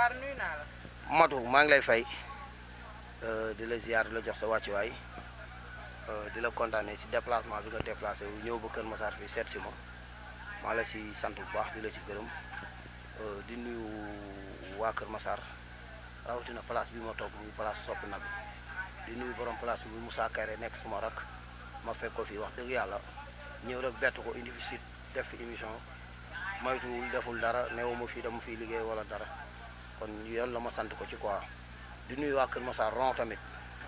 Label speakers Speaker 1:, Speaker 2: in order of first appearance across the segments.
Speaker 1: Faar
Speaker 2: matu maa ngi lay fay euh, di la ziar di la jox sa wàccuwaay euh, di la kontaanee si déplacement bi nga déplacé wu ñëw ba Kër Massar fii seet si ma maa la si sant bu baax di la ci gërëm euh, di nuyu waa Kër Massar rawatina place bi ma toog muy place Sopp nag di nuyu borom place bi Moussa Kare nekk suma rak ma fekk ko fii wax dëgg yàlla ñëw rek bett ko indi fi si def fi émission moytuwul deful dara néew ma fii dama fiy liggéey wala dara. kon yàlla ma sant ko ci quoi di nuyu waa Kër Massar ron tamit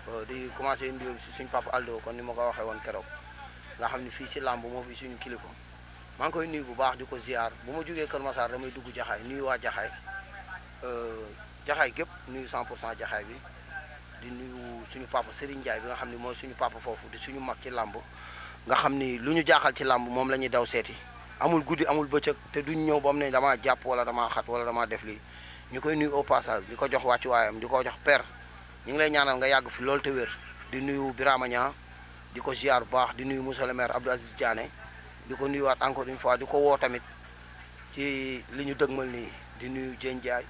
Speaker 2: euh, di commencé indi si suñ papa Aldo kon ni ma ko waxee woon keroog nga xam ne fii si làmb moo fi suñu kilifa maa ngi koy nuyu bu baax di ko ziar bu ma jógee Kër Massar damay dugg jaxaay nuyu waa jaxaay euh, jaxaay gépp nuyu 100 pour cent jaxaay bi di nuyu suñu papa Serigne Ndiaye bi nga xam ne mooy suñu papa foofu di suñu mag ci làmb nga xam ni lu ñu jaxal ci làmb moom la ñuy daw seeti amul guddi amul bëccëg te duñ ñëw ba mu ne damaa jàpp wala damaa wala damaa def lii ñu koy nuyu au passage di ko jox waayam di ko jox per ñu ngi lay ñaanal nga yàgg fi loolu te wér di nuyu Birama Niang di ko ziar bu baax di nuyu monsieur le maire Abdou Aziz Diané di ko nuyuwaat encore une fois di ko woo tamit ci li ñu dëgmal nii di nuyu Dieng Ndiaye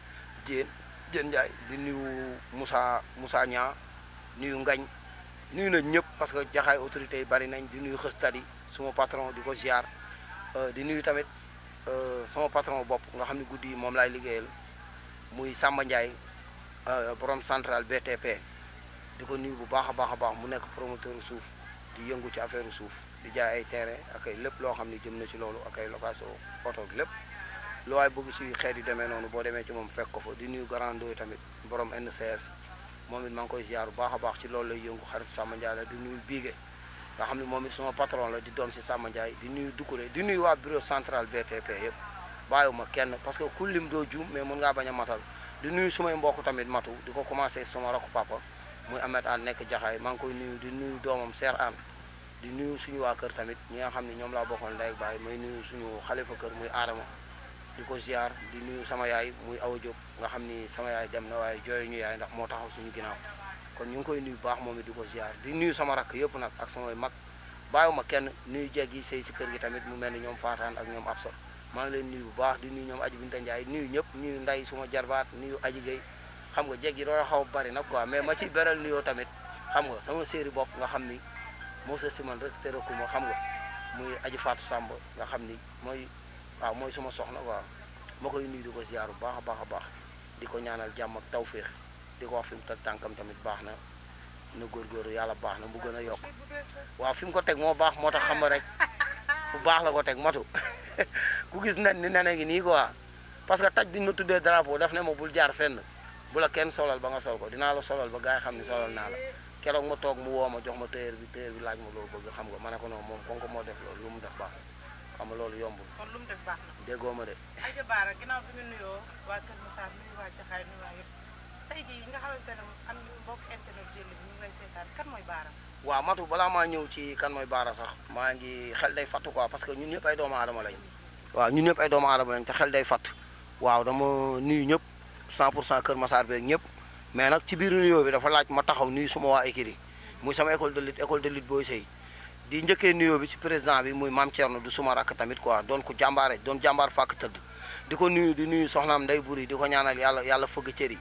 Speaker 2: Dieng Dieng Ndiaye di nuyu Moussa Moussa Niang nuyu Ngañ nuyu nañ ñëpp parce que jaxaay autorité yi bari nañ di nuyu xëstadi suma patron di ko ziar euh, di nuyu tamit euh, sama patron bopp nga xam ne guddi yi moom laay liggéeyal. muy Samba Ndiaye euh, borom central BTP di ko nuyu bu baax a baax a baax mu nekk promoteur suuf di yëngu ci affaire suuf di jaay ay tere ak ay lépp loo xam ne jëm na ci loolu ak ay location oto ak lépp lu waay bëgg ci xeet yu demee noonu boo demee ci moom fekk ko fa di nuyu Grand Ndoye tamit borom NCS moom it maa ngi koy ziar bu baax a baax ci loolu lay yëngu xarit Samba la di nuyu Biige nga xam ne moom it sama patron la di doom si Samba di nuy Dukure di nuyu waa bureau central yëpp. bàyyiwuma kenn parce que ku lim doo juum mais mun ngaa bañ a matal di nuyu sumay mbokk tamit matu di ko commencé suma rakk papa muy Amet An nekk jaxaay maa ngi koy nuyu di nuyu doomam Seer An di nuyu suñu waa kër tamit ñi nga xam ne ñoom laa bokkoon ndey baay may nuyu suñu xale xalifa kër muy aadama di ko ziar di nuyu sama yaay muy Awa Diop nga xam ni sama yaay dem na waaye jooyu ñu yaay ndax moo taxaw suñu ginnaaw kon ñu ngi koy nuyu baax moom it di ko ziar di nuyu sama rakk yëpp nag ak samay mag bàyyiwuma kenn nuyu jeg yi sëy si kër gi tamit mu mel ni ñoom faataan ak ñoom absor maa ngi leen nuyu bu baax di nuyu ñoom aji Binta Ndiaye nuyu ñëpp nuyu nday suma jarbaat nuyu aji Guèye xam nga jéggi doon xaw bari nag quoi mais ma ci beral nuyoo tamit xam sama séeri bopp nga xam ni moo sa siman rek te rekuma xam nga muy aji Fatou Samb nga xam ni mooy waaw mooy suma soxna quoi moo koy nuyu di ko ziar bu baax a baax a baax di ko ñaanal jàmm taw féex di ko wax fi mu teg tànkam tamit baax na na góorgóorlu yàlla baax na mu gën a yokk waaw fi ko teg moo baax moo tax xam nga rek bu baax la ko teg matu ku gis nen ni nene ngi nii quoi parce que taj bi ñu ma tuddee drapeau def ne ma bul jaar fenn bu la kenn solal ba nga sol ko dinaa la solal ba gaa yi xam ne solal naa la keroog ma toog mu woo ma jox ma téyeer bi téyeer bi laaj ma loo bëgg xam nga ma ne ko moom kon ko moo def loolu lu mu def baax xam nga loolu yombul.
Speaker 1: kon def baax na. déggoo ma
Speaker 2: waaw matu bala maa ñëw ci kan mooy baara sax maa ngi xel day fatt quoi parce que ñun ñëpp ay doomu adama lañ waaw ñun ñëpp ay doomu aadama lañ te xel day fatt waaw dama nuyu ñëpp 100 pour cent Kër Massar beeg ñëpp mais nag ci biir nuyoo bi dafa laaj ma taxaw nuyu suma waa écurie muy sama école de lutte école de lutte Boy Seye di njëkkee nuyoo bi si président bi muy maam Thierno du suma rakk tamit quoi doon ko jàmbaare doon jàmbaar fàkk tëdd di ko nuyu di nuyu soxnaam Ndey Buri di ko ñaanal yàlla yàlla fëgg cër yi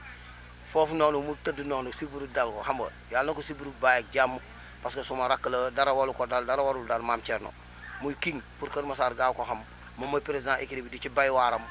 Speaker 2: foofu noonu mu tëdd noonu siburu dal ko xam nga yàlla ko siburu bàyyi ak jàmm parce que suma rakk la dara walu ko daal dara warul daal maam Thierno muy king pour Kër Massar gaaw ko xam moom mooy président écurie bi di ci bay waaram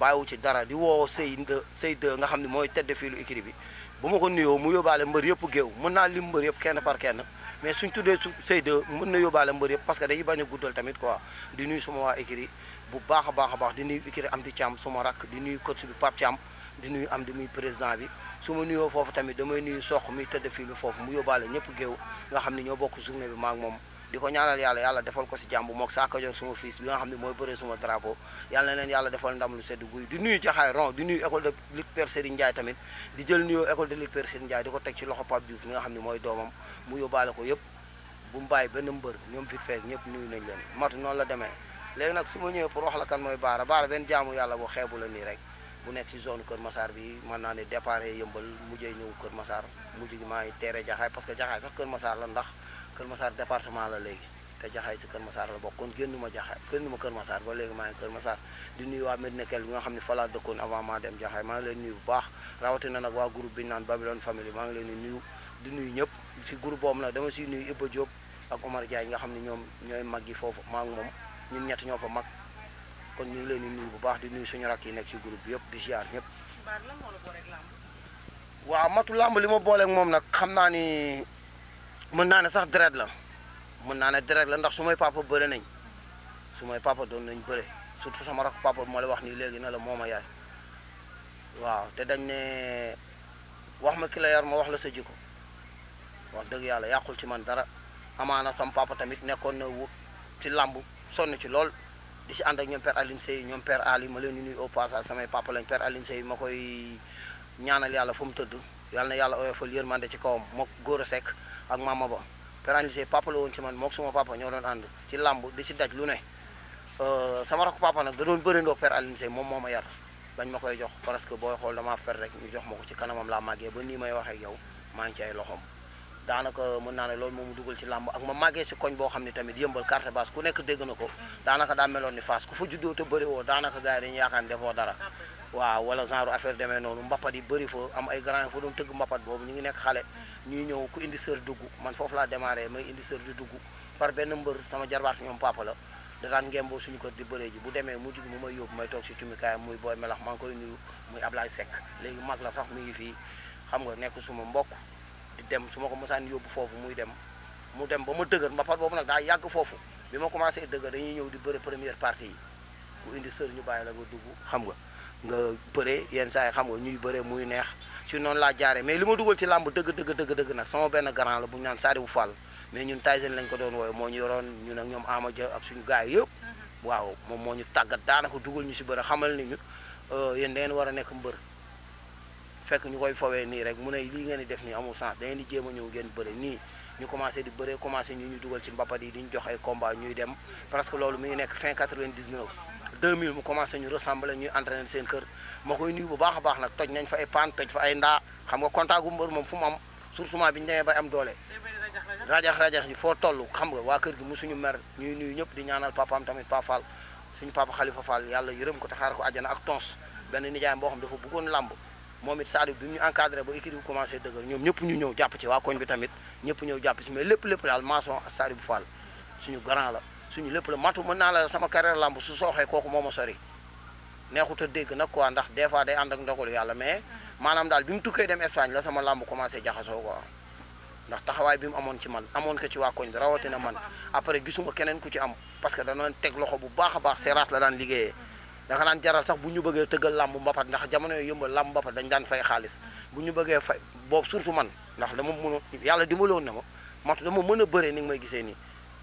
Speaker 2: bàyyiwu ci dara di woo sey de sëy de nga xam ne mooy tedd fii lu écurie bi bu ma ko nuyoo mu yóbbaale mbër yëpp géew mën naa lim mbër yëpp kenn par kenn mais suñ tuddee su sëy de mën na yóbbaale mbër yëpp parce que dañuy bañ a tamit quoi di nuyu suma waa écurie bu baax a baax baax di nuyu écurie am di Thiam suma rakk di nuyu coach bi Pape Thiam di nuyu am di muy président bi su ma nuyoo foofu tamit damay nuyu soq mi tëdd fii lu foofu mu yóbbaale ñëpp géew nga xam ni ñoo bokk journée bi maak moom di ko ñaanal yàlla yàlla defal ko si jàmm mook saakajoor suma fils bi nga xam ne mooy bëree suma drapeau yàlla na leen yàlla defal ndam lu sedd guy di nuyu jaxaay ron di nuyu école de lutte Père Serigne tamit di jël nuyoo école de lutte Père Serigne di ko teg ci loxo Pape Diouf mi nga xam ne mooy doomam mu yóbbaale ko yëpp bu mu bàyyi benn mbër ñoom fit feek ñëpp nuyu nañ leen matu noonu la demee léegi nag su ma ñëwee pour wax la kan mooy baara baara benn jaamu yàlla boo xeebu la nii rek bu nekk si zone Kër Massar bi mën naa ne départ yëmbal mujjee ñëw Kër Massar mujj gi maa ngi teere jaxaay parce que jaxaay sax Kër Massar la ndax Kër Massar département la léegi te jaxaay si Kër Massar la bokk kon génnuma jaxaay génnuma Kër Massar ba léegi maa ngi Kër Massar di nuyu waa Medina Kell bi nga xam ne fa laa dëkkoon avant maa dem jaxaay maa ngi leen nuyu bu baax rawatina nag waa groupe bi ñu naan Babylone Family maa ngi leen di nuyu di nuyu ñëpp si groupe boobu nag dama siy nuyu Ibba Diop ak Omar Diagne nga xam ne ñoom ñooy mag yi foofu maa ngi moom ñun ñett ñoo fa mag kon ñu ngi leen di nuyu bu baax di nuyu suñu rakk yi nekk ci groupe yëpp di ziar ñëpp. waaw matu lamb li ma booleeg moom nag xam naa ni mën naa ne sax deret la mën naa ne deret la ndax sumay papa bëre nañ sumay papa doon nañ bëre surtout sama rakk papa moo la wax ni léegi na la moo yaay waaw te dañ ne wax ma ki la yar ma wax la sa jikko wax dëgg yàlla yàqul ci man dara amaana sam papa tamit nekkoon na ci lamb sonn ci lool. di si ànd ak ñoom père Aline Seye ñoom père Ali ma leen di nuyu au passage ma koy ñaanal yàlla fa mu tëdd yàlla na yàlla man de ci kawam mook góor a sekk ak mama ba père Aline Seye papa woon ci man mook suma papa ñoo doon ànd ci làmb di ci daj lu ne euh, sama rakk papa nag da doon bërindoo père Aline Seye moom moo ma yar bañ ma koy jox parce que booy xool damaa per rek ñu jox ma ko ci kanamam laa màggee ba nii may waxee yow maa ngi ci ay loxom daanaka mën naa ne loolu moom mu dugal ci làmb ak ma màggee si koñ boo xam ne tamit yëmbal carte base ku nekk dégg na ko daanaka daa meloon ni Fass ku fa juddoo te bëri woo daanaka gars yi dañuy yaakaar defoo dara waaw wala genre affaire demee noonu mbappat yi bëri fa am ay grand fa doon tëgg mbappat boobu ñu ngi nekk xale ñu ñëw ku indi sër dugg man foofu laa may indi sër di dugg par benn mbër sama jarbaat ñoom papa la da daan ngemboo suñu kër di bëree ji bu demee mu jug mu may yóbbu may toog si cumikaayam muy booy melax maa ngi koy nuyu muy Ablaye Seck léegi mag la sax mu ngi fii xam nga nekk suma mbokk dem su ma ko mosaan yóbbu foofu muy dem mu dem ba ma dëgër mbapat boobu nag daa yàgg foofu bi ma commencé dëgër dañuy ñëw di bëre première parti yi ku indi sër ñu bàyyi la nga dugg xam nga nga bëree yenn saa yi xam nga ñuy bëree muy neex ci noon laa jaare mais li ma dugal ci làmb dëgg dëgg dëgg dëgg nag sama benn grand la bu ñu naan Sadiou Fall mais ñun lañ ko doon wooye moo ñu yoroon ñun ak ñoom Ama Dia ak suñu gars yëpp
Speaker 1: mhm.
Speaker 2: waaw moom moo ñu tàggat daanaka dugal ñu si bëre xamal ni ñu euh, yéen da war a nekk mbër fekk ñu koy fowee nii rek mu ne lii ngeen di def nii amul sens di jéem a ñëw ngeen bëre nii ñu commencé di bëre commencé ñu ñu dugal ci mbapat yi di ñu jox ay combat ñuy dem parce que loolu mi ngi nekk fin 99 2000 mu commencé ñu ressembler ñuy entraîner seen kër ma koy nuyu bu baax a baax nag toj nañ fa ay paan toj fa ay ndaa xam nga contact gu mbër moom fu mu am surtout bi ñu demee bay am doole rajax rajax yi foo toll xam nga waa kër gi musuñu mer ñuy nuyu ñëpp di ñaanal papaam tamit Pa Fall suñu papa Khalifa fal yàlla yërëm ko taxaar ko àjjana ak tons benn nijaayam boo xam dafa bëggoon làmb moom it Sadio bi ñu encadré ba équipe bi commencé dëgër ñoom ñëpp ñu ñëw jàpp ci waa koñ bi tamit ñëpp ñëw jàpp ci mais lépp lépp daal maçon ak Sadio bu Fall suñu grand la suñu lépp la matu ma naa la sama carrière lamb su sooxee kooku moo ma sori neexut a dégg nag quoi ndax des fois day ànd ak ndogalu yàlla mais maanaam daal bi mu tukkee dem Espagne la sama lamb commencé jaxasoo quoi ndax taxawaay bi mu amoon ci man amoon ko ci waa koñ bi rawatina man après gisuma keneen ku ci am parce que danoon teg loxo bu baax baax Seras la liggéeyee dafa jaral sax bu ñu bëggee tëggal làmb mbapat ndax jamono yooyu yëmbal làmb mbapat dañ daan fay xaalis bu ñu bëggee fay boobu surtout man ndax dama mën a yàlla dimbali woon na ma mat dama mën a bëree ni nga may gisee nii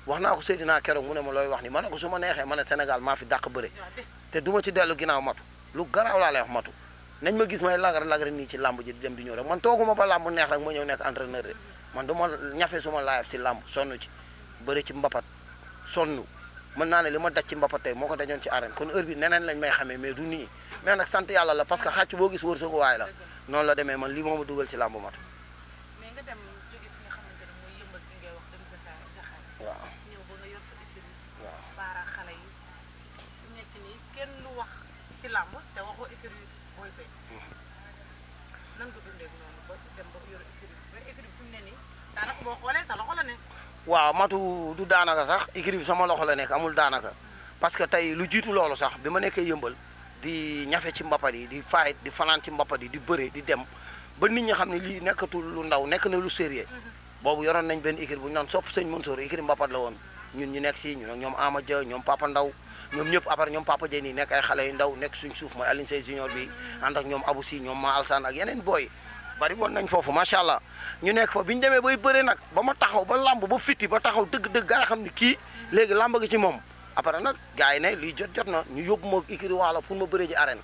Speaker 2: wax na naa ko Seydina keroog mu ne ma looy wax ni mana ko su ma neexee mana ne maa fi dàq bëre te du ma ci dellu ginnaaw matu lu gara laa lay wax matu nañ ma gis ma may lagar lagar nii ci làmb ji di dem di ñëw rek man tooguma ba làmb neex rek ma ñëw nekk entraîneur de man du ma ñafe suma laayaf ci làmb ci bëri ci mbapat sonn mën naa li ma daj ci mbappat tey moo ko dajoon ci arène kon heure bi neneen lañ may xamee mais du nii mais nag sant yàlla la parce que xàcc boo gis wërsëgu waay la noonu la demee man lii moo ma dugal ci làmb mat waaw matu du daanaka sax écrit bi sama loxo la nekk amul daanaka parce que tey lu jiitu loolu sax bi ma nekkee yëmbal di ñafe ci mbappat yi di faayit di fanaan ci mbappat yi di bëre di dem ba nit ñi xam ne lii nekkatul lu ndaw nekk na lu sérieux mhm. boobu yoron nañ benn écrit bu ñu naan sopp sëñ Mansour écrit mbappat la woon ñun ñu nekk si ñu nag ñoom Ama ñoom Papa Ndaw ñoom ñëpp après ñoom Papa Dia nii nekk ay xale yu ndaw nekk suñ suuf mooy Alioune Seye junior bi ànd ak ñoom Abou Si ñoom Ma Alsane yeneen booy bari woon nañ foofu macha allah ñu nekk fa bi ñu demee bay bëree nag ba ma taxaw ba làmb ba fitti ba taxaw dëgg-dëgg gaa xam ne kii léegi làmb gi ci moom après nag gars yi ne luy jot jot na ñu yóbbu ma ikiri walo pour ma bëree ji arène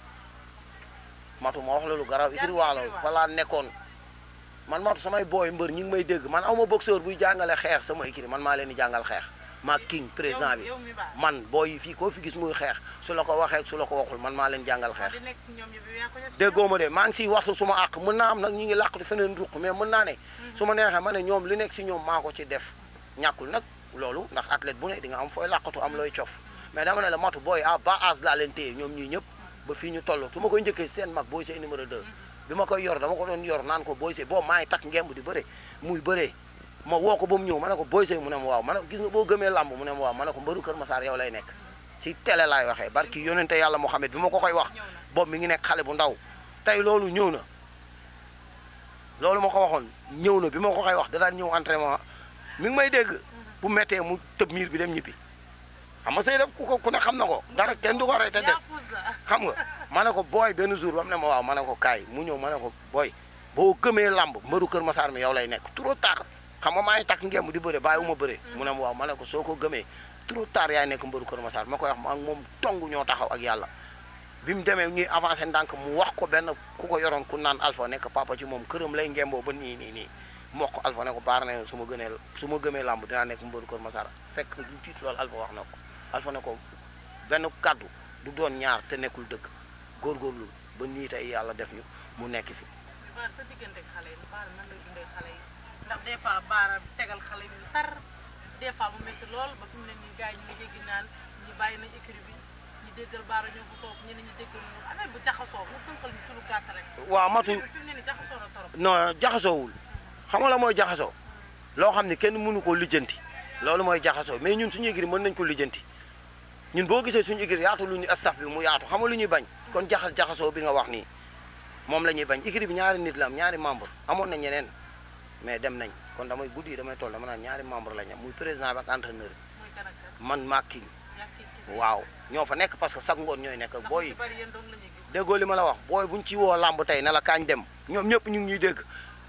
Speaker 2: matu ma wax la lu garaaw ikiri waalo balaa nekkoon man matu samay booy mbër ñi ngi may dégg man aw ma boxeur buy jàngale xeex sama ikiri man maa leen di jàngal xeex maa king président bi man booy fii koo fi gis muy xeex su la ko waxee su la ko waxul man maa leen jàngal xeex déggoo ma de maa ngi siy waxtu su ma àq mën naa am nag ñu ngi làqatu feneen ruq mais mën naa ne mhm. su ma neexe ma ne ñoom li nekk si ñoom maa ko ci def ñàkkul nag loolu ndax athlète bu ne di nga am fooy làqatu am looy cof mhm. mais dama ne la matu booy à bas âge laa leen téye ñoom ñii ñëpp ba fii ñu toll su ma ko njëkkee seen mag booy see numéro 2 mhm. bi ma koy yor dama ko doon yor naan ko booy see boo maa ngi takk ngemb di bëre muy bëree ma woo ko ba mu ñëw ma ne ko Boy Seye mu ne boo gëmee làmb mu ne ma waaw ma ne ko mbaru Kër Massar yow lay nekk ci télé laay waxee barki yonente yàlla Mohamed bi ma ko koy wax boobu mi ngi nekk xale bu ndaw tey loolu ñëw na loolu ma ko waxoon ñëw na bi ma ko koy wax da ñëw entraînement mi ngi may dégg bu méttee mu tëb miir bi dem ñibbi xam nga sëy def ku ko ku ne xam na ko dara kenn du ko te des xam nga ma ne ko booy benn jour ba mu ne ma waaw ma ne ko kaay mu ñëw ma ne ko booy boo gëmee làmb mbëru Kër Massar mi yow lay nekk trop tard xam nga maa ngi takk di bëre bàyyi wu ma bëre mu ne ma waaw ma ne ko soo ko gëmee trop tard yaay nekk mbëru Kër Massar ma koy wax ak moom tong ñoo taxaw ak yàlla bi mu demee ñuy avancé ndànk mu wax ko benn ku ko yoroon ku naan Alpha nekk papa ci moom këram lay ngémboo ba nii nii nii mu wax ko Alpha ne ko baar na yoon su ma gënee su ma gëmee làmb dinaa nekk mbëru Kër Massar fekk lu tiit loolu Alpha wax na ko Alpha ko benn kàddu du doon ñaar te nekkul dëgg góorgóorlu ba nii tey yàlla def ñu mu nekk fi
Speaker 1: ndax des fois baaraam jaxasoo mu tënkal waaw matu fi mu ne
Speaker 2: na trop. la mooy jaxasoo loo xam ne kenn munu ko lijjanti loolu mooy jaxasoo mais ñun suñu écrit mën nañ ko lijjanti ñun boo gisee suñu écrit yaatu lu ñu staff bi mu yaatu xam nga lu ñuy bañ kon jaxas jaxasoo bi nga wax nii moom la ñuy bañ écrit bi ñaari nit la am ñaari membre amoon na ñeneen mais dem nañ kon damay guddi yi damay toll dama naan ñaari membre lañ am muy président bi ak entraîneur
Speaker 1: bi
Speaker 2: man makkin waaw ñoo fa nekk parce que sax ngoon ñooy nekk booy yi déggoo li ma la wax booy bu ñu ci woo lamb tey ne la kaañ dem ñoom ñëpp ñu ngi ñuy dégg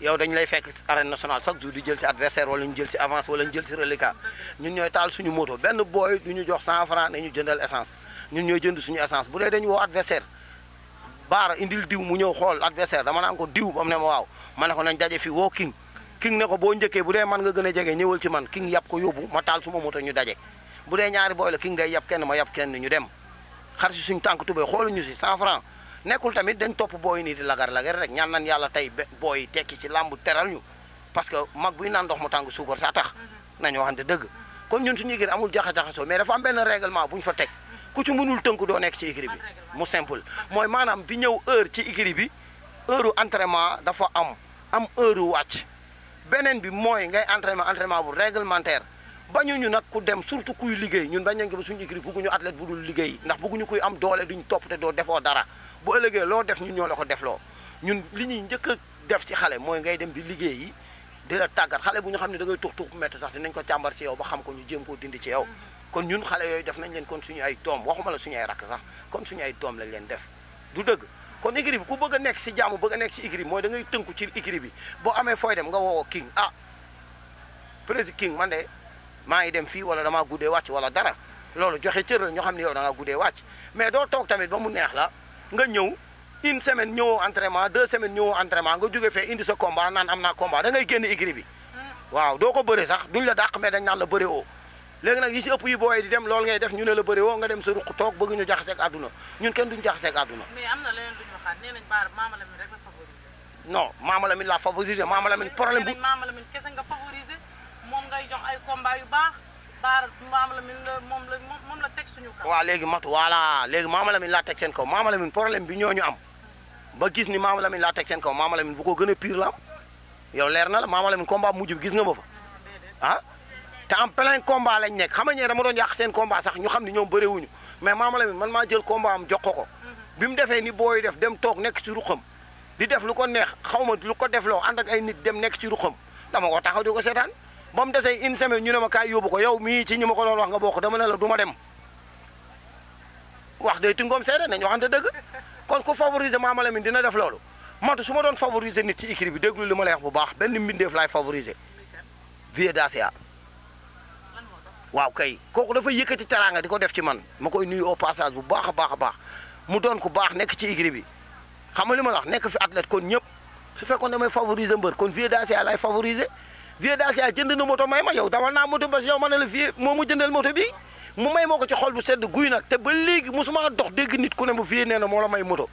Speaker 2: yow dañu lay fekk arène nationale chaque jour di jël si adversaire wala ñu jël si avance wala ñu jël si reliquat ñun ñooy taal suñu moto benn booy du ñu jox 100 francs ne ñu jëndal essence ñun ñooy jënd suñu essence bu dee dañu woo adversaire baara indil diw mu ñëw xool adversaire dama naan ko diw ba ne ma waaw ma ne ko nañ daje fi woo king king ne ko boo njëkkee bu dee man nga gën a jege ñëwal ci man king yàpp ko yóbbu ma taal suma moto ñu daje bu dee ñaari booy la king day yàpp kenn ma yàpp kenn ñu dem xar si suñu tànk tubéy xooluñu si 100 francs nekkul tamit dañ topp booy nii di lagar lagar rek ñaan nan yàlla tey booy tekki ci làmb teral ñu parce que mag buy naan ndox mu tàng suukar saa tax mhm. nañu waxante dëgg kon ñun suñu écurie amul jaxa-jaxasoo mais dafa am benn règlement bu ñu fa teg ku ci mënul tënku nekk ci écurie bi mu simple maanaam di ñëw heure ci écurie bi heure entraînement dafa am am heure wàcc beneen bi mooy ngay entraînement entraînement bu réglementaire ñu nag ku dem surtout kuy liggéey ñun bañ nañ ko ba suñu écrit bugguñu athlète bu dul liggéey ndax bugguñu kuy am doole duñ topp te doo defoo dara bu ëllëgee loo def ñu ñoo la ko defloo ñun li ñuy njëkk a def ci xale mooy ngay dem di liggéey yi di la tàggat xale bu ñu xam ne da ngay tux tux métti sax dinañ ko càmbar ci yow ba xam ko ñu jéem koo dindi ci yow kon ñun xale yooyu def nañ leen kon ay doom waxuma suñu ay rakk sax kon ay doom lañ leen def du dëgg kon écurie bi ku bëgg nekk si jàmm bëgg a nekk si écurie bi mooy da ngay tënku ci écurie boo amee fooy dem nga woo king ah président king man de maa ngi dem fii wala damaa guddee wàcc wala dara loolu joxe cër la ñoo xam ne yow da ngaa guddee wàcc mais doo toog tamit ba mu neex la nga ñëw une semaine ñëwoo entraînement deux semaines ñëwoo entraînement nga jóge fee indi sa combat naan am na combat da ngay génn écurie bi hmm. waaw doo ko bëre sax duñ la dàq mais dañ naan la bëre o léegi nag yi si ëpp yi booy di dem loolu ngay def ñu ne la bëri woo nga dem sa ruq toog bëgg ñu jaxaseeg àdduna ñun kenn duñ jaxaseeg àdduna
Speaker 1: xalaat nee nañ Baara Maama Lamine rek la favoriser.
Speaker 2: non Maama Lamine la favoriser Maama Lamine problème bu.
Speaker 1: Maama la moom la moom la teg suñu kaw. waaw léegi matu
Speaker 2: voilà léegi Maama Lamine laa teg kaw Maama Lamine problème bi ñoo ñu am ba gis ni Maama Lamine laa teg seen kaw Maama Lamine bu ko gën a pire la am yow leer na la Maama Lamine combat mujj gis nga ba fa ah. te en plein combat lañ nekk xam nga ñee dama doon yàq seen combat sax ñu xam ni ñoom bëreewuñu mais Maama Lamine man maa jël combat am jox ko ko bi mu defee ni booy def dem toog nekk ci ruqam di def lu ko neex xawma ma lu ko def loo ànd ak ay nit dem nekk ci ruqam dama ko taxaw di ko seetaan ba mu desee une semaine ñu ne ma kaay yóbbu ko yow mii ci ñi ma ko doon wax nga bokk dama ne la du ma dem wax day tungoom seede nañu da dëgg kon ku favoriser Mama Lamine dina def loolu matu suma doon favoriser nit ci écrit bi déglu li ma lay bu baax benn mbindeef laay favoriser Vieux Dacia waaw kay kooku dafa yëkkati teraanga di ko def ci man ma koy nuyu au passage bu baax a baax a baax mu doon ku baax nekk ci igri bi xam nga li ma la nekk fi athlète kon ñëpp su fekkoon damay favoriser mbër kon Vieux Dacia laay favoriser Vieux Dacia jënd na moto may ma yow dawal naa moto ba si yow ma ne la Vieux moo mu jëndal moto bi mu may moo ko ci xol bu sedd guy nag te ba léegi mosuma dox dégg nit ku ne mu Vieux nee na moo la may moto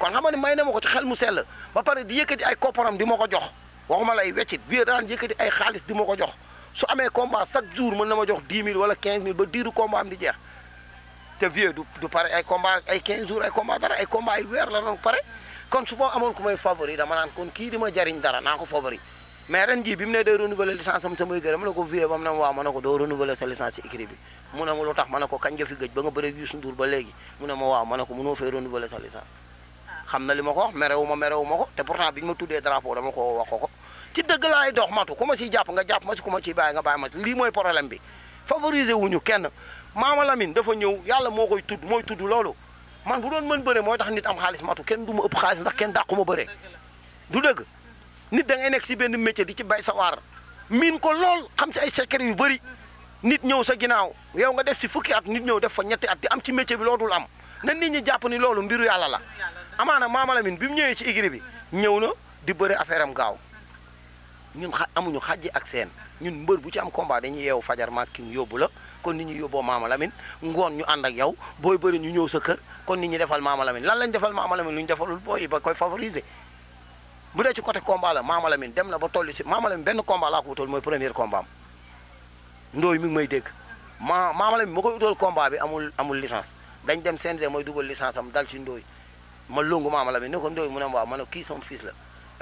Speaker 2: kon xam nga ne may na ma ci xel mu sell ba pare di yëkkati ay kopparam di ma ko jox waxuma lay weccit Vieux daan yëkkati ay xaalis di ma ko jox su amee combat chaque jour mën na ma jox 10 000 wala 15 000 ba diiru combat am di jeex te vieux du du pare ay combat ay 15 jours ay combat dara ay combat ay weer la doon pare kon su ma amoon ku may favori dama naan kon kii di ma jariñ dara naa ko favori mais ren bi mu ne day renouveler licence am samay gërëm la ko vieux ba mu ne waaw ma ne ko mu lu tax ma ne ko kañ nga fi ba nga bëreeg Youssou Ndour ba léegi mu ne ma waaw ma ne ko mënoo fee renouveler sa licence xam na li ma ko wax merewu ma merewu ma ko te pourtant bi ñu ma tuddee drapeau dama ko wax ko ko ci dëgg laay dox matu ku ma siy jàpp nga jàpp ma si ku ma mooy problème bi favoriser wuñu kenn maama Lamine dafa ñëw yàlla moo koy tudd mooy tudd loolu man bu doon mën bëre mooy tax nit am xaalis matu kenn du ma ëpp xaalis ndax kenn dàqu bëre du dëgg nit da ngay nekk si benn métier di ci bay sa waar miin ko lool xam si ay secret yu bëri nit ñëw sa ginnaaw yow nga def si fukki at nit ñëw def fa ñetti at di am ci métier bi loodul am na nit ñi jàpp ni loolu mbiru yàlla la amaana maama Lamine bi mu ñëwee ci igri bi ñëw na di bëre affaire am gaaw ñun xa amuñu xàjji ak seen ñun mbër bu ci am combat dañuy yeewu fajar maa ki yóbbu la kon ni ñu yóbboo maamalamin Lamine ngoon ñu ànd ak yow booy bëri ñu ñëw sa kër kon nit ñi defal Maama Lamine lan lañ defal Maama Lamine lu ñu defalul booy ba koy favoriser. bu dee ci côté combat la Maama Lamine dem la ba tolli si Maama Lamine benn combat laa mooy premier combat am ndooy mi ngi may dégg ma Maama Lamine ma koy utal combat bi amul amul licence dañ dem CNG mooy dugal licence am dal ci ndooy ma longu Maama Lamine ne ko ndooy mu ne waaw mana ne kii sama la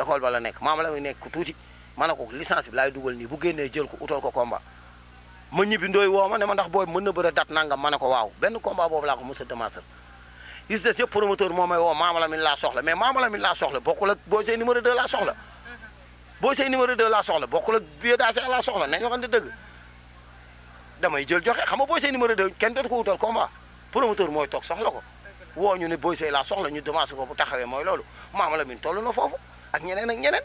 Speaker 2: école ba nekk Maama Lamine nekk tuuti ma ne ko licence laay dugal nii bu génnee jël ko utal ko combat ma ñibbi ndooy woo ma ne ma ndax booy mën na a dat nangam ma ne ko waaw benn combat boobu laa ko mos a demasal gis des yëpp promoteur moo may woo Mama Lamine laa soxla mais Mama Lamine laa soxla bokkul ak Boy Seye numéro 2 laa soxla Boy Seye numéro 2 laa soxla bokkul ak Vieux Dassé laa soxla nañu waxante dëgg damay jël joxe xam nga Boy Seye numéro 2 kenn dootu ko wutal combat promoteur mooy toog soxla ko woo ñu ne Boy Seye laa soxla ñu demasé ko bu taxawee mooy loolu Mama Lamine toll na foofu ak ñeneen ak ñeneen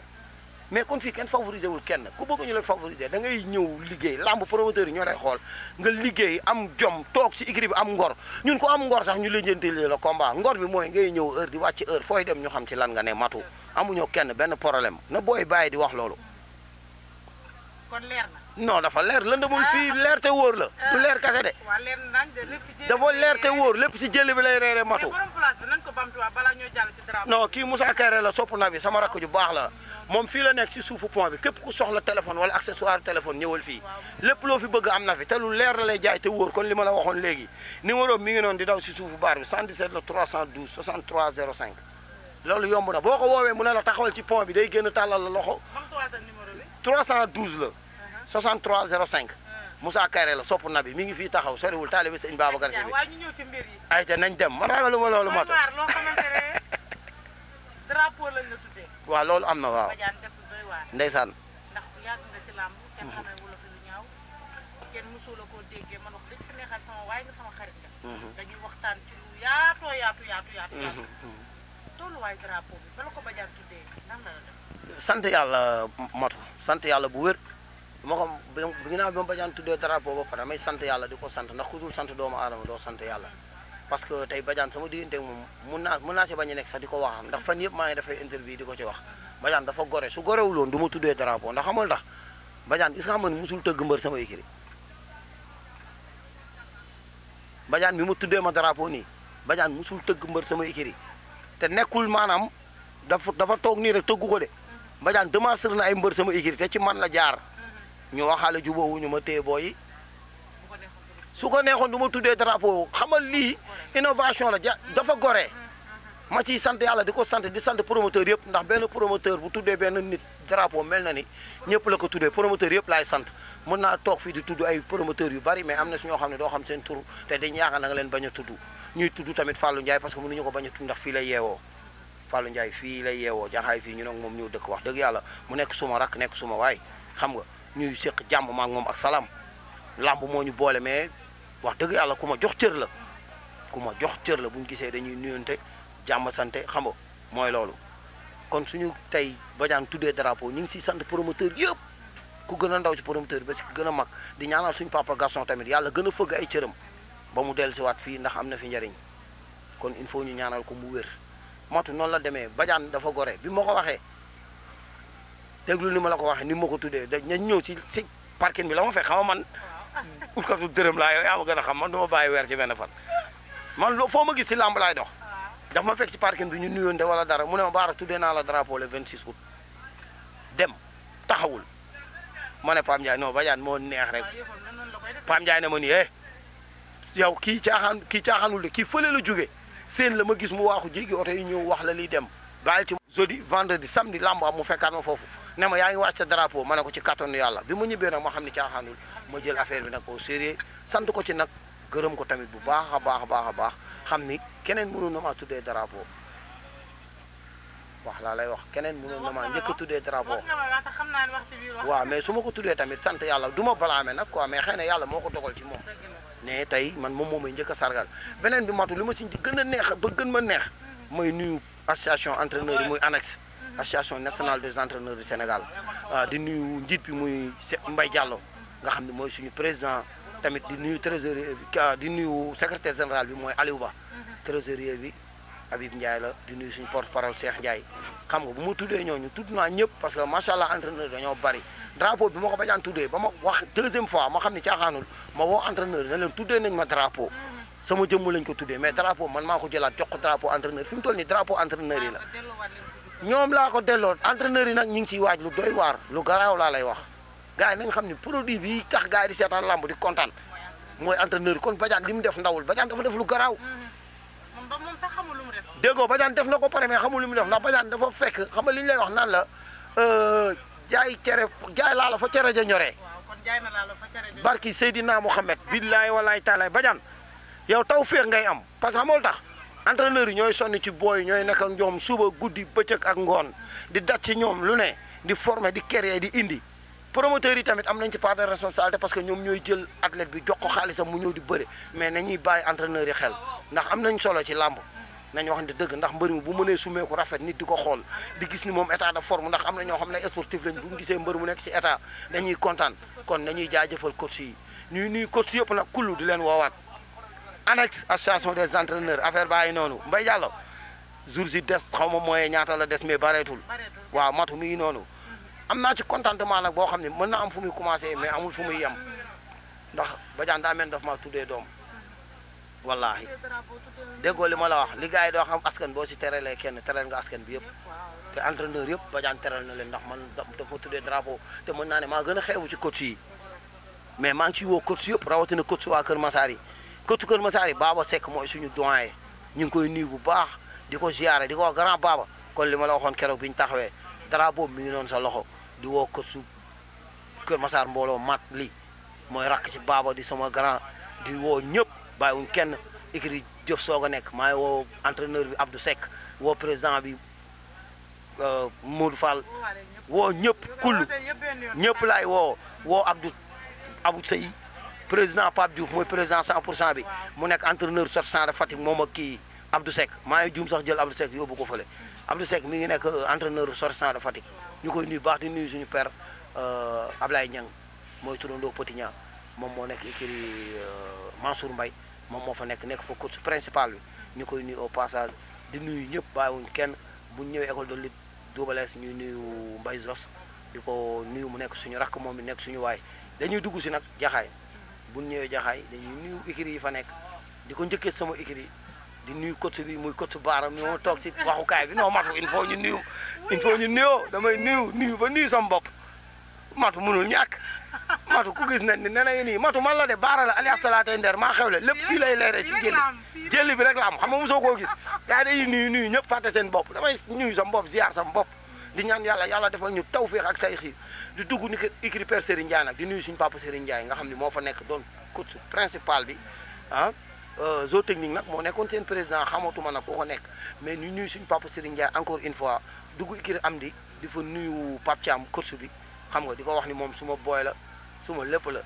Speaker 2: mais kon fii kenn favoriser wul kenn ku bëgg ñu lay favoriser da ngay ñëw liggéey làmb promoteur yi ñoo lay xool nga liggéey am jom toog ci écurie bi am ngor ñun ko am ngor sax ñu lijjanti la combat ngor bi mooy ngay ñëw heure di wàcc heure fooy dem ñu xam ci lan nga ne matu amuñoo kenn benn problème na booy bàyyi di wax loolu. kon leer na. non dafa leer lëndamul fii ah. leer te wóor la. du leer kase dafa leer te wóor lépp si jëli bi lay reere matu. mais borom place bi nañ ko bamtuwaat balaa ñoo la sopp na sama rakk ju baax la. moom fii la nekk si suufu pont bi képp ku soxla téléphone wala accessoire téléphone ñëwal fii lépp loo fi bëgg am na fi te lu leer la lay jaay te wóor kon li ma la waxoon léegi numéro mi ngi noonu di daw si suufu baar bi 117 la 312 63 05 loolu yomb na boo ko woowee mu ne la taxawal ci pont bi day génn tàllal la loxo 312 la 63 uh-huh. 05 uh-huh. Moussa Kare la sopp na bi mi ngi fii taxaw soriwul taalibe sëñ Babacar
Speaker 1: Si bi
Speaker 2: ay te nañ dem man ragaluma loolu moo
Speaker 1: tax drapeau lañ la
Speaker 2: waaw loolu am na waaw.
Speaker 1: ndeysaan. dañuy waxtaan ci lu yaatoo yaatu yaatu yaatu. Mhm, mhm. tolluwaay drapeau bi bala ko Badiane tuddee nan la la def.
Speaker 2: sant yàlla matu sant yàlla bu wér ma xam bi ginnaaw bi ma Badiane tuddee drapeau ba pare damay sant yàlla di ko sant ndax ku dul sant doomu aadama doo sant yàlla. parce que tey Badiane sama diggante moom mun naa mun naa si bañ a nekk sax di ko waxaan ndax fan yëpp maa ngi dafay interview di ko ci wax Badiane dafa gore su gorewul woon du ma tuddee drapeau ndax xamul ndax Badiane gis nga tëgg mbër sama écrit bi mu tuddee ma drapeau nii Badiane musul tëgg mbër sama écrit te nekkul maanaam dafa dafa toog nii rek tëggu ko de Badiane démarché na ay mbër sama écrit te ci man la jaar ñu waxaale jubóowuñu ma téye booyi su ko neexoon du ma tuddee drapeau xamal lii innovation la ja dafa gore ma ciy sant yàlla di ko sant di sant promoteur yëpp ndax benn promoteur bu tuddee benn nit darapo mel na ni ñëpp la ko tuddee promoteur yëpp laay sant mën naa toog fii di tudd ay promoteur yu bari mais am na si ñoo xam ne doo xam seen tur te dañ yaakaar na leen bañ a tudd ñuy tudd tamit Fallou Ndiaye parce que mënuñu ko bañ a tudd ndax fii lay yeewoo Fallou Ndiaye fii lay yeewoo jaxaay fii ñu nag moom ñëw dëkk wax dëgg yàlla mu nekk suma rak nekk suma waay xam nga ñuy séq jàmm maak moom ak salaam lamb moo ñu boole mais wax dëgg yàlla ku ma jox cër la ku ma jox cër la bu ñu gisee dañuy nuyonte jàmm sante xam nga mooy loolu kon suñu tey Badiane tuddee drapeau ñu ngi siy sant promoteur yëpp ku gën a ndaw ci promoteur ba si gën a mag di ñaanal suñu papa garçon tamit yàlla gën a fëgg ay cëram ba mu dellusiwaat fii ndax am na fi njariñ kon il faut ñu ñaanal ko mu wér matu noonu la demee Badiane dafa gore bi ma ko waxee déglu ni ma la ko waxee ni ma ko tuddee dañ ñëw si si parking bi la ma fekk xam man. utkatu dërëm laa yow yaa ma gën a xam man du ma bàyyi weer ci benn man loo foo ma gis si làmb laay dox daf ma fekk ci parking bi ñu nuyoon de wala dara mu ne ma baara tuddee naa la drapeau le 26 août dem taxawul ma ne Pam Ndiaye non Badiane moo neex rek Pam Ndiaye ne ma ni eh yow kii caaxaan kii caaxaanul de kii fële la jóge seen la ma gis mu waaxu jéggi oto yi ñëw wax la liy dem bàyyi ci jeudi vendredi samedi làmb am mu fekkaat ma foofu ne ma yaa ngi wàcc sa drapeau ma ko ci kattanu yàlla bi ma ñibbee nag ma xam ne ma jël affaire bi nag au sérieux sant ko ci nag gërëm ko tamit bu baax a baax a baax a baax xam ni keneen mënoon na maa tuddee drapeau wax laa lay wax keneen mënoon na maa njëkk a tuddee drapeau waaw mais su ma ko tuddee tamit sant yàlla du ma balaame nag ko amee xëy na yàlla moo ko dogal ci moom ne tey man moom moomay njëkk a sargal beneen bi matul li ma si gën a neex ba gën ma neex mooy nuyu association entraîneurs yi muy annexe association national des entraîneurs du Sénégal ah, di nuyu njiit bi muy Mbaye Diallo nga xam ne mooy suñu président tamit di nuyu trésorier bi di nuyu secrétaire général bi mooy Aliou Ba trésorier bi Habib Ndiaye la di nuyu suñu porte parole Cheikh Ndiaye xam nga bu mu tuddee ñooñu tudd naa ñëpp parce que macha allah entraîneur dañoo bari drapeau bi ma ko bañaan tuddee ma wax deuxième fois ma xam ne caaxaanul ma woo entraîneur ne leen tuddee nañ ma drapeau sama jëmm lañ ko tuddee mais drapeau man maa ko jëlaat jox ko drapeau entraîneur fi mu toll nii drapeau entraîneur yi la ñoom laa ko delloo entraîneur yi nag ñu ngi ciy waaj lu doy waar lu garaaw laa lay wax gars yi nañ xam ni produit bi tax gars yi di seetaan làmb di kontaan mooy entraîneur kon Badiane di mu def ndawul Badiane dafa def lu garaw
Speaker 1: moom ba moom lu mu
Speaker 2: def. def na ko pare mais xamul lu mu def ndax Badiane dafa fekk xam nga li ñu lay wax naan la euh, jaay cere la fa cere ja ñoree.
Speaker 1: kon jaay na laa la fa
Speaker 2: cere ja barki walaay taalaay Badiane yow taw féex ngay am parce que xamul tax. entraîneur yi ñooy sonn ci booy ñooy nekk ak ñoom suba guddi bëccëg ak ngoon di daj ci ñoom lu ne di former di créer di indi. promoteurs yi tamit am nañ ci part de parce que ñoom ñooy jël athlète bi jox ko xaalisam mu ñëw di bëre mais nañuy bàyyi entraîneurs yi xel ndax am nañ solo ci làmb wax waxante dëgg ndax mbër mu bu mënee sumee ku rafet nit di ko xool di gis ni moom état de forme ndax am na ñoo xam ne sportif lañ bu ñu gisee mbër mu nekk ci état dañuy kontaan kon nañuy jaajëfal coach yi ñuy nuyu coach yëpp na kullu di leen woowaat annexe association des entraîneurs affaire bàyyi noonu Mbaye Diallo jour si des xaw ma mooy ñaata la des mais bareetul waaw matu mi noonu am naa ci contentement nag boo xam ne mën na am fu muy commencé mais amul fu muy yem ndax Badiane daa mel ma maa tuddee doom wallaahi
Speaker 1: déggoo li ma la wax
Speaker 2: ligaay gars yi doo askan boo si terelee kenn tereel nga askan bi yëpp te entraîneur yëpp Badiane tereel na leen ndax man dafa tuddee drapeau te mën naa ne maa gën a xeewu ci coach yi mais maa ngi ciy woo coach yëpp rawatina coach waa Kër Massar yi coach Kër Massar yi Baba sek mooy suñu doyen ñu ngi koy nuyu bu baax di ko ziyaare di ko wax grand Baba li ma la waxoon keroog bi ñu taxawee drapeau mi sa loxo di woo ko su Kër Massar mbooloo mat li mooy rakk ci baaba di sama grand di woo ñëpp bàyyiwuñ kenn écrit jëf soog nekk maa ngi woo entraîneur bi Abdou Seck woo président bi euh, Modou Fall woo ñëpp kull ñëpp laay woo woo Abdou Abdou Sey président Pape Diouf mooy président 100 pour cent bi mu nekk entraîneur sortant de Fatick moom ak kii Abdou Seck maa ngi juum sax jël Abdou Seck bu ko fële Abdou Seck mi ngi nekk euh, entraîneur sortant de Fatick ñu koy nuyu baax di nuy suñu père euh, Ablaye ñang mooy turandoo Petit Niang moom moo nekk écurie euh, Mansour mbay moom moo fa nekk nekk fa coach principal bi ñu koy nuyu au passage di nuyu ñëpp bàyyiwuñ kenn bu ñëwee école de lutte duubalees ñu nuyu mbay Zos di ko nuyu mu nekk suñu rakk moom bi nekk suñu waay dañuy dugg si nag jaxaay bu ñëwee jaxaay dañuy nuyu écurie yi fa nekk di ko njëkkee sama écurie di nuyu nu bi muy coach baaram nu ma toog si nu bi non matu il faut ñu nuyu il faut ñu nuyoo damay nuyu nuyu ba nuyu sama bopp matu mënul ñàkk matu ku gis ne ne je niet, matu man la de baara alle alias laten ndeer maa xewle lay leere si jëli jëli bi rek la am xam nga mosoo koo gis yaa nu nu nuyu ñëpp fàtte seen bopp damay nuyu sama bopp ziar sama bopp di ñaan yalla defal ñu tawféex ak tay di duggu ni ikri Père Serigne di nuyu suñu papa Serigne Ndiaye nga xamni mo fa nek doon coach principal bi ah Euh, zoo technique nag moo nekkoon seen président xamatuma nag ku ko nekk mais ñu nuyu suñu pap Serigne Ndiaye encore une fois dugg ikir am di di fa nuyu Pape Thiam korsu bi xam nga di ko wax ni moom suma booy la suma lépp la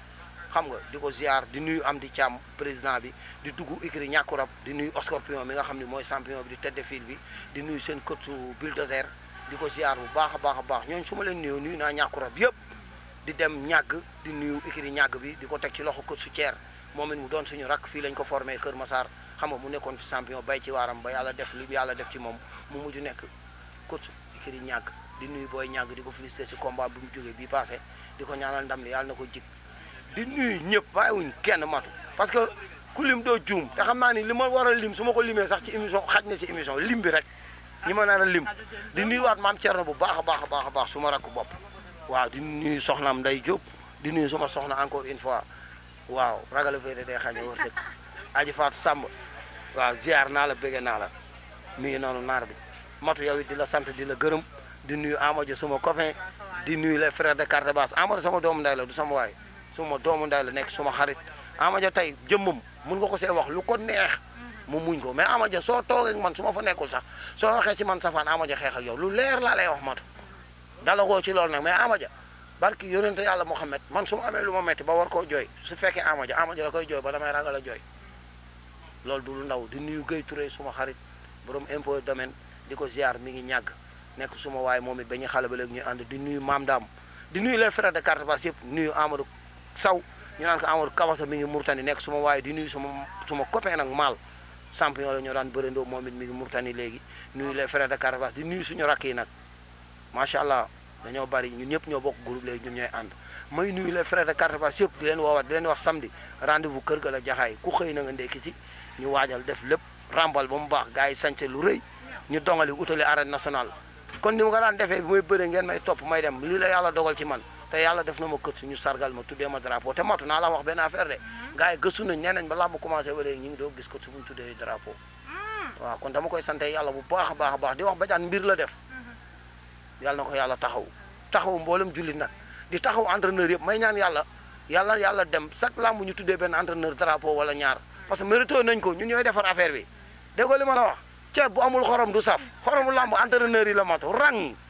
Speaker 2: xam nga di ko ziar di nuyu am di caam président bi di dugg ikiri ñàkkurab di nuyu Scorpion mi nga xam ni mooy champion bi di tête de file bi di nuyu seen korsu bulldozer di ko ziar bu baax a baax a baax ñooñu suma ma leen nuyu nuyu naa ñàkkurab yëpp di dem ñàgg di nuyu ikiri ñàgg bi di ko teg ci loxo korsu Thier moom it mu doon suñu rakk fii lañ ko formé Kër Massar xam nga mu nekkoon fi champion bay ci waaram ba yàlla def li yàlla def ci moom mu mujj nekk coach i ñàgg di nuy booy ñàgg di ko félicité si combat bi mu jógee bii passé di ko ñaanal ndam li na ko jig di nuyu ñëpp bàyyiwuñ kenn matu parce que ku lim doo juum te xam naa ni li ma war a lim su ma ko limee sax ci émission xaj na ci émission lim bi rek ñi ma naan a lim di nuyuwaat maam Thierno bu baax a baax a baax a baax su ma rakk bopp waaw di nuyu soxnaam Ndeye Diop di nuyu sama soxna encore une fois waaw ragala fay de day xañ wërsëg aji faat sàmb waaw ziar naa la bëgge naa la nuyu noonu naar bi matu yow it di la sant di la gërëm di nuyu Amadou suma copain di nuyu les frères de carte basse Amadou sama doomu nday du sama waay suma doomu nday la nekk suma xarit Amadou tey jëmmam mun nga ko see wax lu ko neex mu muñ ko mais Amadou soo toogee man su ma fa nekkul sax soo waxee si man safaan Amadou xeex ak yow lu leer laa lay wax matu dalagoo ci loolu nag mais Amadou barki yonent yalla Muhammad man su amé luma lu metti ba war ko joy su fekkee amajo amajo la koy joy ba damay ragal joy lol du lu ndaw di nuyu gey Touré suma xarit borom impôt domaine di ko ziar mi ngi ñag nek suma way momi it xala ba ñu and di nuyu Mamdam, dam di nuyu les frères de carte passe yëpp nuyu Amadou Saw ñu nan ko Amadou Kawasa mi ngi Murtani Nek suma way di nuyu suma suma copain nak mal. champion la ñu daan bërëndoo momit mi ngi Murtani legi nuyu les frères de carte passe di nuyu suñu rakki nak machallah dañu bari ñun ñëpp ñoo bok groupe léegi ñun ñoy and may nuyu le frère de carte passe yépp di len wowat di len wax samedi rendez-vous kër ga la jaxay ku xey na nga ñu wajal def lepp rambal bu mu baax gaay yi lu reuy ñu dongali utali arène nationale kon ni mu nga daan may ngeen may top may dem li la yalla dogal ci man té yalla def na ma kët suñu sargal ma tuddé ma drapeau té matuna la wax ben affaire dé gaay geussu na ñeneñ nee ba commencé wéré ñi ngi do gis ko drapeau hmm. wa kon dama koy santé yalla bu baax baax baax di wax mbir la def yàlla na ko yàlla taxaw taxaw mboolem jullit nag di taxaw entraîneur yëpp may ñaan yàlla yàlla yàlla dem chaque lamb ñu tuddee benn entraîneur drapeau wala ñaar parce que mérito nañ ko ñu ñooy defar affaire bi dégg li ma la wax ceeb bu amul xorom du saf xoromu lamb entraîneur yi la matu rang